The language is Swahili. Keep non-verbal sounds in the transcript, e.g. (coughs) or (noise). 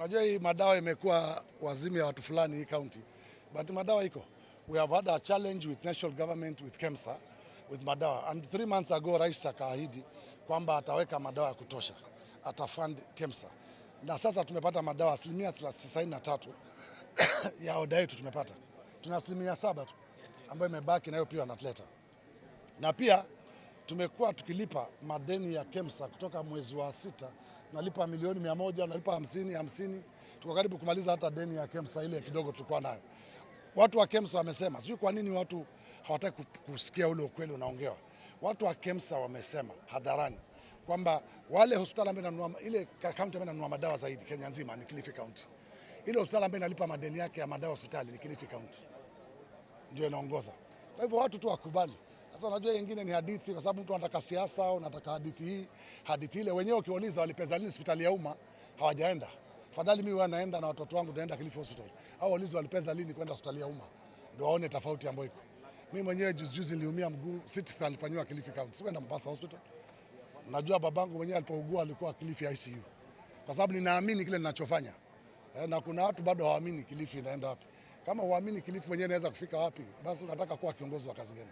Unajua hii madawa imekuwa wazimu ya watu fulani hii county. But madawa iko. We have had a challenge with national government with KEMSA with madawa. And three months ago Rais akaahidi kwamba ataweka madawa ya kutosha. Atafund KEMSA. Na sasa tumepata madawa asilimia 93 (coughs) ya oda yetu tumepata. Tuna asilimia saba tu ambayo imebaki nayo pia atleta Na pia tumekuwa tukilipa madeni ya KEMSA kutoka mwezi wa sita, nalipa milioni mia moja, nalipa hamsini hamsini. Tuko karibu kumaliza hata deni ya KEMSA ile kidogo tulikuwa nayo. Watu wa KEMSA wamesema, sijui kwa nini watu hawataki kusikia ule ukweli unaongewa. Watu wa KEMSA wamesema hadharani kwamba wale hospitali ambayo inanunua ile kaunti ambayo inanunua madawa zaidi Kenya nzima ni Kilifi County. Ile hospitali ambayo inalipa madeni yake ya madawa hospitali ni Kilifi County ndio inaongoza. Kwa hivyo watu tu wakubali. Sasa unajua nyingine ni hadithi, kwa sababu mtu anataka siasa, unataka hadithi hii hadithi ile. Wenyewe ukiuliza walipeza nini hospitali ya umma hawajaenda. Fadhali mimi wanaenda na watoto wangu tunaenda Kilifi Hospital, au waulize walipeza lini kwenda hospitali ya umma ndio waone tofauti ambayo iko. Mimi mwenyewe juzi juzi niliumia mguu, sixth alifanywa Kilifi County, sikwenda Mombasa Hospital. Najua babangu mwenyewe alipougua alikuwa Kilifi ICU, kwa sababu ninaamini kile ninachofanya eh, na kuna watu bado hawaamini Kilifi inaenda wapi. Kama huamini Kilifi mwenyewe inaweza kufika wapi, basi unataka kuwa kiongozi wa kazi gani?